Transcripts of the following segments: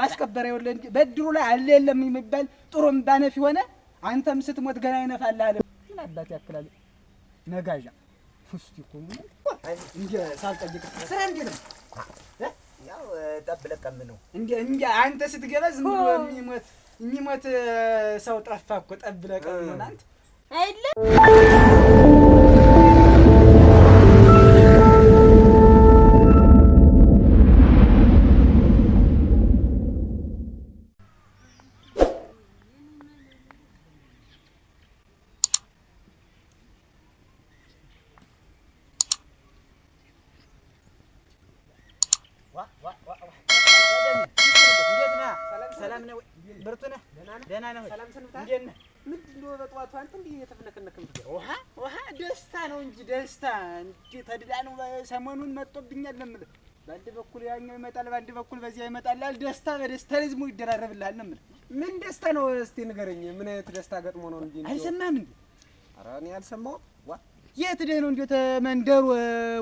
ማስቀበሪያው በድሩ ላይ አለ የለም የሚባል ጥሩምባ ነፊ ሆነ። አንተም ስትሞት ገና ይነፋልሃል። አባት ያክላል ነጋዣ ፍስቲ ሆኑ እንደ ሳልጠይቅ ስራ እንዴት ነው? ያው ጠብ ለቀም ነው እንደ እንደ አንተ ስትገባ ዝም ብሎ የሚሞት የሚሞት ሰው ጠፋ እኮ ጠብ ለቀም ነው አንተ አይደለም ነህ? ሰላም ሰንብተሃል? እንዴት ነህ? ምንድን ነው በጠዋቱ አንተ እንዲህ እየተፍነከነክ የምትገባው? ውሃ ውሃ ደስታ ነው እንጂ ደስታ እንዲህ ተድላ ነው። ሰሞኑን መጥቶብኛል ነው የምልህ። በአንድ በኩል ያኛው ይመጣል፣ በአንድ በኩል በዚያ ይመጣልሃል። ደስታ በደስታ ህዝሙ ይደራረብልሃል ነው የምልህ። ምን ደስታ ነው እስቲ ንገረኝ። ምን አይነት ደስታ ገጥሞ ነው እንጂ አልሰማህም እንዴ? ኧረ እኔ አልሰማሁም። የት ደህ ነው እንዴት መንደሩ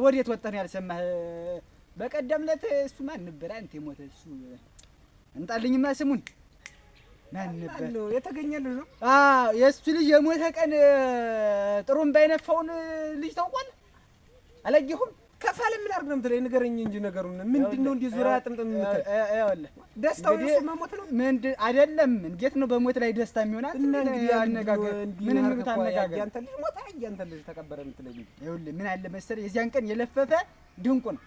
ወዴት ወጣህ ነው ያልሰማህ? በቀደም ዕለት እሱ ማን ነበር አንተ የሞተ እሱ እንጣልኝማ ስሙን የተገኘ ልጅ ነው። የእሱ ልጅ የሞተ ቀን ጥሩምባ የነፋውን ልጅ ታውቋል አላየሁም። ከፋለ ምን አድርግ ነው የምትለኝ? ንገረኝ እንጂ ነገሩን ምንድን ነው? እንዲህ ዙሪያ ጥምጥም ደስታው መሞት ነው አይደለም? እንዴት ነው በሞት ላይ ደስታ የሚሆናል? ምን አለ መሰለህ፣ የዚያን ቀን የለፈፈ ድንቁ ነው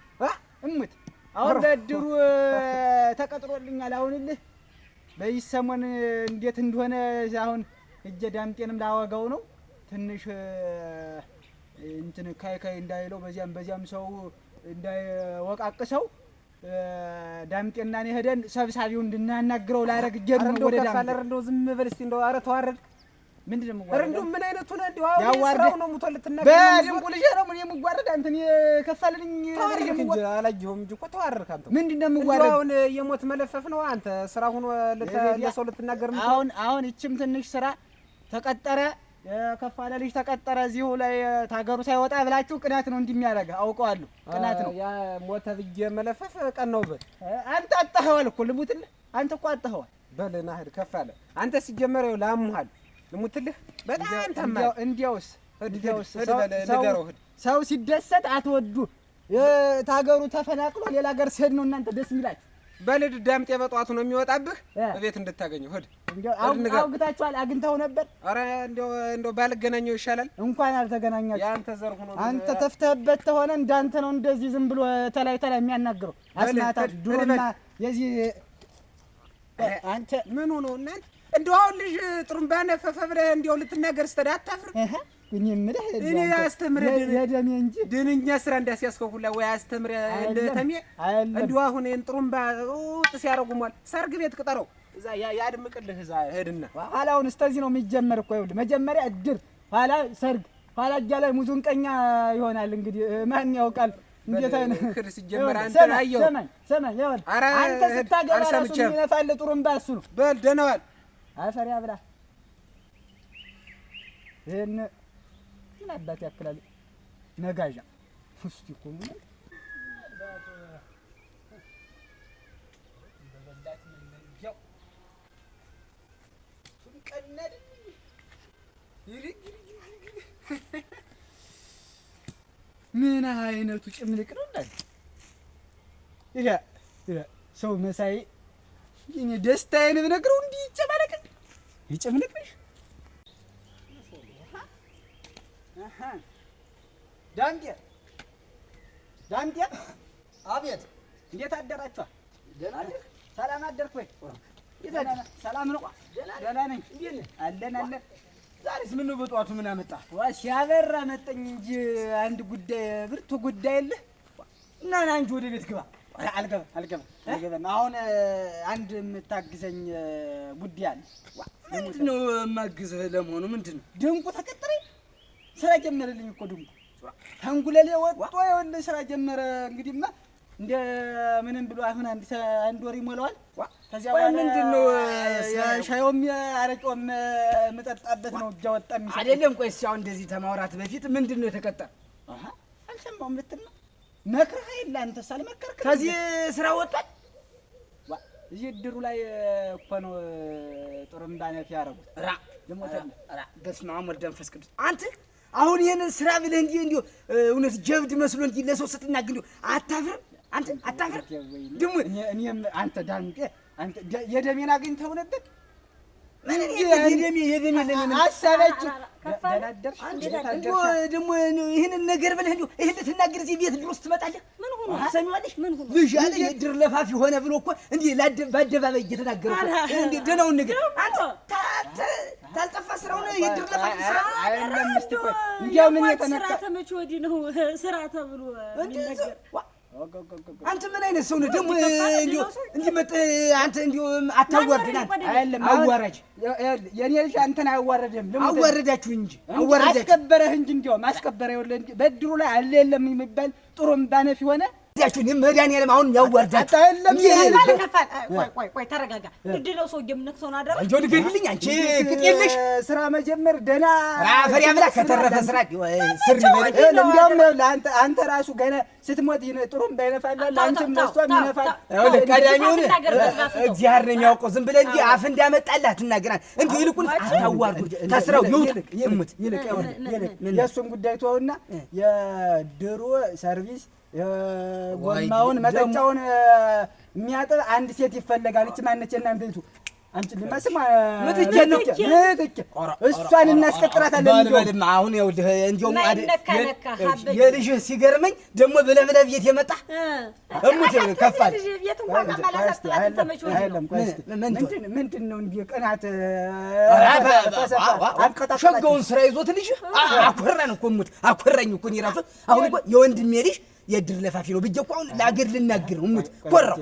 እሙት። አሁን ለድሩ ተቀጥሮልኛል አሁንልህ በዚህ ሰሞን እንዴት እንደሆነ አሁን እጀ ዳምጤንም ላወጋው ነው ትንሽ እንትን ካይ ካይ እንዳይለው በዚያም በዚያም ሰው እንዳይወቃቅሰው ዳምጤና እኔ ሄደን ሰብሳቢው እንድናናግረው ላረግ ጀሩ ወደ ዳምጤ። ኧረ እንደው ዝም በል እስቲ እንደው አረ ተዋረድክ ምንድን ነው እንደው የሞት መለፈፍ ነው አንተ ስራ ለሰው ልትናገር አሁን አሁን ይችም ትንሽ ስራ ተቀጠረ የከፋለ ልጅ ተቀጠረ እዚሁ ላይ ታገሩ ሳይወጣ ብላችሁ ቅናት ነው አውቀዋለሁ። ቅናት ነው ያ ሞተ ብዬ መለፈፍ ቀን ነው አንተ አጣኸዋል እኮ ልሙትልህ። አንተ እኮ አጣኸዋል በል ና ሂድ ከፋለ አንተ ላሙሃል ልሙትልህ በጣም ታማ እንዲያውስ እንዲያውስ ሰው ሲደሰት አትወዱ። ታገሩ ተፈናቅሎ ሌላ ሀገር ሲሄድ ነው እናንተ ደስ የሚላችሁ። በልድ ዳምጤ በጠዋቱ ነው የሚወጣብህ እቤት እንድታገኘው ሂድ። አውግታችኋል? አግኝተኸው ነበር? ኧረ እንደው እንደው ባልገናኘው ይሻላል። እንኳን አልተገናኛችሁ። የአንተ ዘር ሆኖ አንተ ተፍተህበት ተሆነ እንዳንተ ነው እንደዚህ ዝም ብሎ ተላይ ተላይ የሚያናግረው አስናታ ድሮና የዚህ አንተ ምን ሆኖ እናንተ እንደው አሁን ልጅ ጥሩምባ ነፈፈ ብለህ እንደው ልትናገር ስትሄድ አታፍርም? እኔ የምልህ እኔ አስተምረ ደኔ እንጂ ድንኛ ስራ እንዳስያዝከው ሁላ ወይ አስተምረ እንደተሜ እንደው አሁን ጥሩምባ ጥስ ያረጉሟል። ሰርግ ቤት ቅጠረው እዛ ያድምቅልህ እዛ ሄድና ኋላውን እስተዚህ ነው የሚጀመር እኮ ይኸውልህ፣ መጀመሪያ እድር፣ ኋላ ሰርግ፣ ኋላ እጃ ላይ ሙዙን ቀኛ ይሆናል። እንግዲህ ማን ያውቃል? እንዴት አይነት ሲጀመር አንተ ስታገባ ራሱ የሚነፋልህ ጥሩምባ እሱ ነው። በል ደህና ዋል አፈር ያብላ። ይሄን ምን አባት ያክላል መጋዣ ውስጥ ይቆሙ ምን አይነቱ ጭምልቅ ነው እንዴ? ይሄ ሰው መሳይ ደስታዬን ብነግረው እንዲህ ይጨማል ይጭምልቅሽ ዳምጤ ዳምጤ፣ አቤት፣ እንዴት አደራችኋል? ደህና ነህ? ሰላም አደርክ ወይ? ሰላም ነው? ደህና ነኝ። አለን አለን። ዛሬስ ምነው በጠዋቱ ምን አመጣ? ሲያበራ መጠኝ እንጂ አንድ ጉዳይ ብርቱ ጉዳይ የለህ እና ና እንጂ ወደ ቤት ግባ። አልገባ አልገባ አልገባም። አሁን አንድ የምታግዘኝ ጉዳይ አለ። ምንድን ነው የማግዝህ? ለመሆኑ ምንድን ነው? ድንቁ ተቀጥሬ ስራ ጀመረልኝ እኮ ድንቁ ተንጉለሌ ወጥቶ ይኸውልህ ስራ ጀመረ። እንግዲህማ እንደ ምንም ብሎ አሁን አንድ አንድ ወር ይሞላዋል። ከዚያ በኋላ ምንድን ነው ሻዩም አረቄውም የምጠጣበት ነው። እጃ ወጣ አይደለም። ቆይ እስኪ አሁን እንደዚህ ተማውራት በፊት ምንድን ነው የተቀጠረ? አልሰማሁም ልትል ነው መክረህ አይደል አንተ ሳልመከርክ ከዚህ ስራ ወጣል። እዚህ እድሩ ላይ እኮ ነው ጥሩምባ ነፊ ያደረጉት። ራ ደግሞ ራ በስመ አብ ወልድ መንፈስ ቅዱስ አንተ አሁን ይሄንን ስራ ብለህ እንዲህ እንዲህ እውነት ጀብድ መስሎ እንዲህ ለሰው ስትናገር እንዲህ አታፍርም? አንተ አታፍርም? ደግሞ እኔም አንተ ዳንቄ አንተ የደሜን አግኝተው ነበር ምን የደሜ የደሜ ለምን አሰበች ደግሞ ይህንን ነገር ብለህ እንዲሁ ይህን ልትናገር እዚህ ቤት ድሮስ ትመጣለህ? ምን ሆኖ ትሰሚዋለሽ? ምን ሆኖ ልጅ አለ የድር ለፋፊ ሆነ ብሎ እኮ እንዲህ በአደባባይ እየተናገረ እንዲህ ደህናውን ነገር አንተ ታልጠፋ ስራው ነው የድር ለፋፊ ስራ እንዲያው ምን የተነካ ስራ ተመቼ ወዲህ ነው ስራ ተብሎ አንተ ምን አይነት ሰው ነህ ደግሞ? እንዲህ መጥተህ አንተ እንዲሁ አታዋርድን። አይደለም አዋራጅ የኔ ልጅ አንተን አያዋረድህም። አዋረዳችሁ እንጂ አስከበረህ እንጂ እንዲያውም አስከበረህ። ይኸውልህ በድሩ ላይ አለ የለም የሚባል ጥሩም ባነፍ የሆነ ያችሁን መድኃኒዓለም አሁንም ያዋርዳችሁ። ቆይ ተረጋጋ። ድድለው ሰው የምነክሰውን አደረ እንጆ ንገሪልኝ። አንቺ ግጥ የለሽ ስራ መጀመር ደህና ፈሪ አምላክ ከተረፈ ስራ ስር ይበል። እንዲያውም አንተ ራሱ ገና ስትሞት ጥሩምባ ይነፋላል፣ አንቺም ነስቷም ይነፋል። ቀዳሚውን እግዚአብሔር ነው የሚያውቀው። ዝም ብለህ እንዲህ አፍ እንዳመጣልህ አትናገራል። እንዲሁ ይልቁን አታዋርዱ፣ ተስረው ይውጥ ይሙት። ይልቅ የእሱን ጉዳይ ተወውና የድሮ ሰርቪስ ጎማውን መጠጫውን የሚያጥብ አንድ ሴት ይፈለጋል። እች ማነች የእናንተ ቤቱ እሷን እናስቀጥራታለን። አሁን ይኸውልህ እንደውም የልጅህ ሲገርመኝ ደግሞ ብለህ ብለህ ቤት የመጣህ ሸጋውን ስራ ይዞት ልጅህ አኮራን እኮ እሙት አኮራኝ እኮ እኔ እራሱ አሁን እኮ የወንድሜ ልጅ የእድር ለፋፊ ነው ብዬሽ እኮ አሁን ለአገር ልናግር እሙት ኮራው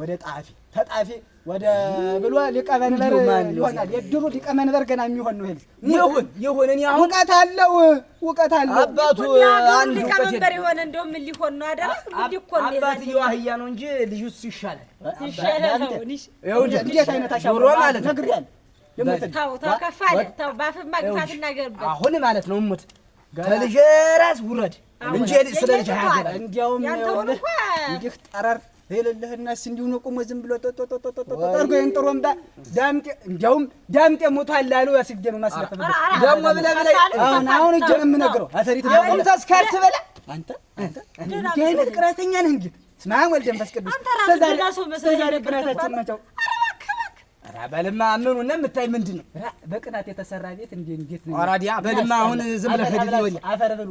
ወደ ጣፊ ተጣፊ ወደ ብሎ ሊቀመንበር ይሆናል። የድሩ ሊቀመንበር ገና የሚሆን ነው። ይሁን ይሁን። እኔ አሁን እውቀት አለው እውቀት አለው አባቱ አንድ ሊቀመንበር የሆነ እንደው ምን ሊሆን ነው አይደል? አባትየው አህያ ነው እንጂ ውስጥ ይሻላል ይሻላል። እንዴት አይነት አሻሮ ማለት ነው። ተው ተው፣ ከፍ አለ። ተው ባፍህ ማግፋት እናገርበት አሁን ማለት ነው። ሙት ከልጅ ራስ ውረድ እንጂ ስለ ልጅ አያገባም። እንዲያውም እንዲህ ጠረር የሌለህና ስ እንዲሁ ነው ቆሞ ዝም ብሎ ጠርጎ ይህን ጥሩ እምባ ዳምጤ እንዲያውም ዳምጤ ሞቷል አሉ። ያስግደም ማስለፈ ደግሞ ብለህ ብለህ አሁን አሁን እጄ ነው የምነግረው። አሰሪት ደግሞ ተስካር ትበላ አንተ አንተ እንዲህ አይነት ቅራተኛ ነህ እንግዲህ ስማ ወልደ መንፈስ ቅዱስ ተዛሬ ቅራታችን መቸው በልማ ምኑ እና የምታይ ምንድን ነው በቅናት የተሰራ ቤት እንዴት ነው? በልማ አሁን ዝም ብለህ አፈር ብሉ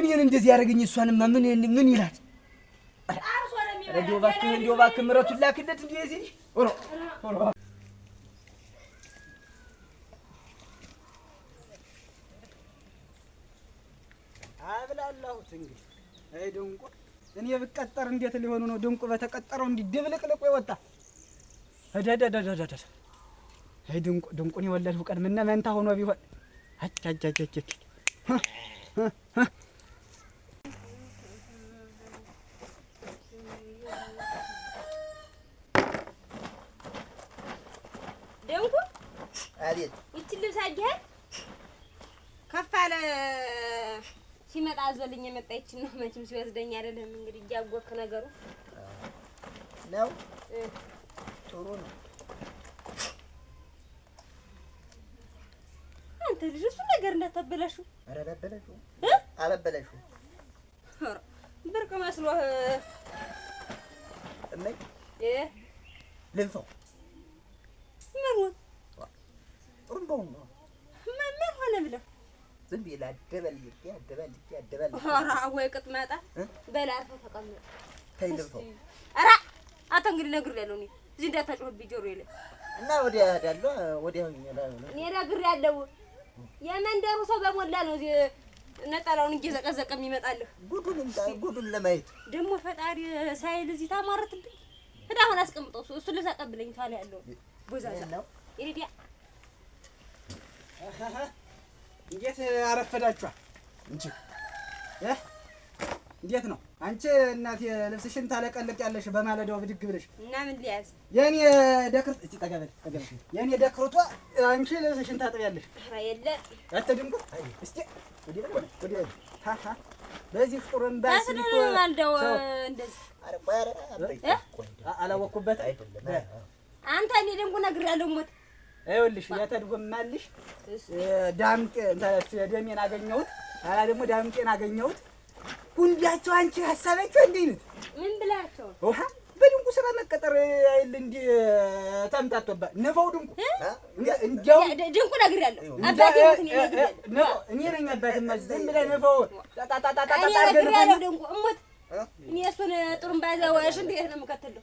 እኔን እንደዚህ ያደረገኝ እሷንማ ምን ምን ይላት? እንደው እባክህ እንደው እባክህ ምረቱን ላክለት። እንደዚህ ኦሮ ኦሮ አብላላሁት እንግዲህ። አይ ድንቁ እኔ ብቀጠር እንዴት ሊሆኑ ነው? ድንቁ በተቀጠረው እንዲህ ድብልቅልቁ የወጣ እደደደደደ አይ ድንቁ ድንቁን የወለድሁ ቀን ምነው መንታ ሆኖ ቢሆን አጫጫጫጭ አቤት ይቺን ልብስ አየኸኝ? ከፍ አለ ሲመጣ አዞልኝ የመጣ ይችን ነው። መቼም ሲወስደኝ አይደለም እንግዲህ እያወቅህ ነገሩ ነው። ጥሩ ነው። አንተ ልጅ እሱ ነገር እንዳታበላሽው። ኧረ አላበላሽውም ብርቅ መስሎህ እመይ ልንፈው አልፈልገውም። ምን ሆነ ብለህ ዝም ብዬ ላደበልቄ አደበልቄ አደበልቄ። ወይ ቅጥ መጣ በላ አርፈህ ተቀመጥ። ተይ ልብተው። ኧረ አንተ እንግዲህ ነግሬያለሁ እኔ እዚህ እንዳታጮህብኝ ጆሮዬ ላይ እና ወዲያ እሄዳለሁ። ወዲያ እኔ ነግሬያለሁ። የመንደሩ ሰው በሞላ ነው እዚህ ነጠላውን እየዘቀዘቀ የሚመጣልህ። ጉዱን ጉዱን ለማየት ደግሞ ፈጣሪ ሳይል እዚህ ታሟረትብኝ። ሂድ አስቀምጠው። እሱ ልሰቀብለኝ ታዲያ ያለው ቦዛዛ ይሄዲያ እንዴት አረፈዳችኋል? እንጂ እንዴት ነው አንቺ እናቴ ልብስሽን ታለቀልቅ ያለሽ በማለዳው ብድግ ብለሽ እና ምን ሊያዝ የኔ ደክር እስቲ የኔ ደክርቷ አንቺ ልብስሽን ታጥቢያለሽ። ኧረ የለ አትድንቁ። እስቲ በዚህ ፍጡርን ባስ ነው እንደዚህ አረ አላወኩበት አይደለም አንተ እኔ ነግሬያለሁ ሞት ይኸውልሽ የተድጎማልሽ ዳምጤ ደሜን አገኘሁት። ኋላ ደግሞ ዳምጤን አገኘሁት። ጉንዳቸው አንቺ ሀሳባቸው እንዴት ነው? ምን ብላቸው ውሃ በድንቁ ስራ መቀጠር አይል እንዲ ተምታቶባ ነፋው ድንቁ እንዲያው ድንቁ ነግሬያለሁ። አባቴ እኔ ነኝ አባትማ ዝም ብለህ ነፋው ጣጣጣጣጣ ነግሬያለሁ። ድንቁ እሞት እኔ እሱን ጥሩምባ ሽንት ቤት ነው የምከትለው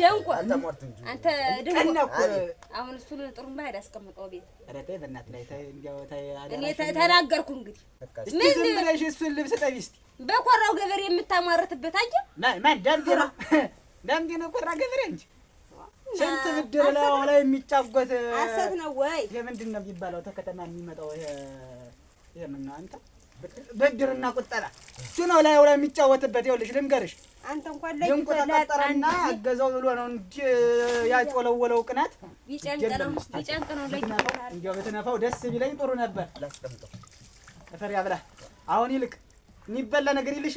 ደንቆ አስቀምጠው ቤት። ኧረ ተይ በእናትህ በኮራው ገበሬ የምታሟርትበት አየህ። ማን ዳምጤ ነው? ዳምጤ ነው ኮራ ገበሬ እንጂ ስንት ብድር ላይ ላይ የሚጫጎት ሀሰት ነው ወይ? የምንድን ነው የሚባለው? ተከተማ የሚመጣው ይሄ ይሄ ምነው አንተ ብድርና ቁጠራ እሱ ነው ላይ ላይ የሚጫወትበት። ይኸውልሽ ልንገርሽ፣ አንተ እንኳን ላይ ድንቁ ተጠጠረና አገዘው ብሎ ነው እንጂ ያጮለወለው ቅናት ቢጨንቅ ነው። እንዲያው ብትነፋው ደስ ቢለኝ ጥሩ ነበር። ተፈሪያ ያብላ። አሁን ይልቅ የሚበላ ነገር ይልሽ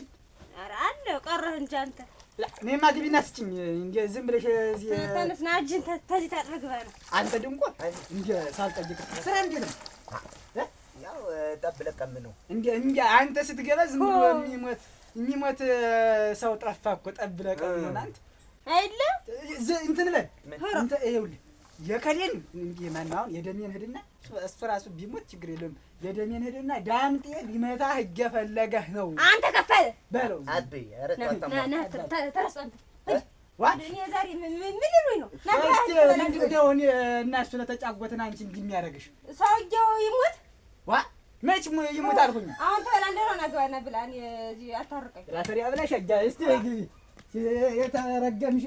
አለ ቀረህ እንጂ አንተ እኔማ ግቢና ስጭኝ። እንደ ዝም ብለሽ እዚህ ተነስና እጅን ተዚህ ታጥበህ ግባ ነው አንተ ድንቆ እንደ ሳልጠይቅ ስራ እንዴት ነው ነው። ጠብ ለቀም ነው። አንተ ስትገባ ዝም ብሎ የሚሞት የሚሞት ሰው ጠፋ እኮ። ጠብ ለቀም ነው አንተ አይደለ እንትን አንተ ይኸውልህ የከሌን የደሜን ሂድና እሱ ራሱ ቢሞት ችግር የደሜን ሂድና ዳምጤ ነው። አንተ ከፈለ በለው ነው? ነው ዋ መች ይሙት አልኩኝ። አሁን ተበላንደህ ነው ናገባና ብላ እዚህ አታርቀኝ። ራሰሪያ ብለሽ እጃ እስቲ የተረገምሽ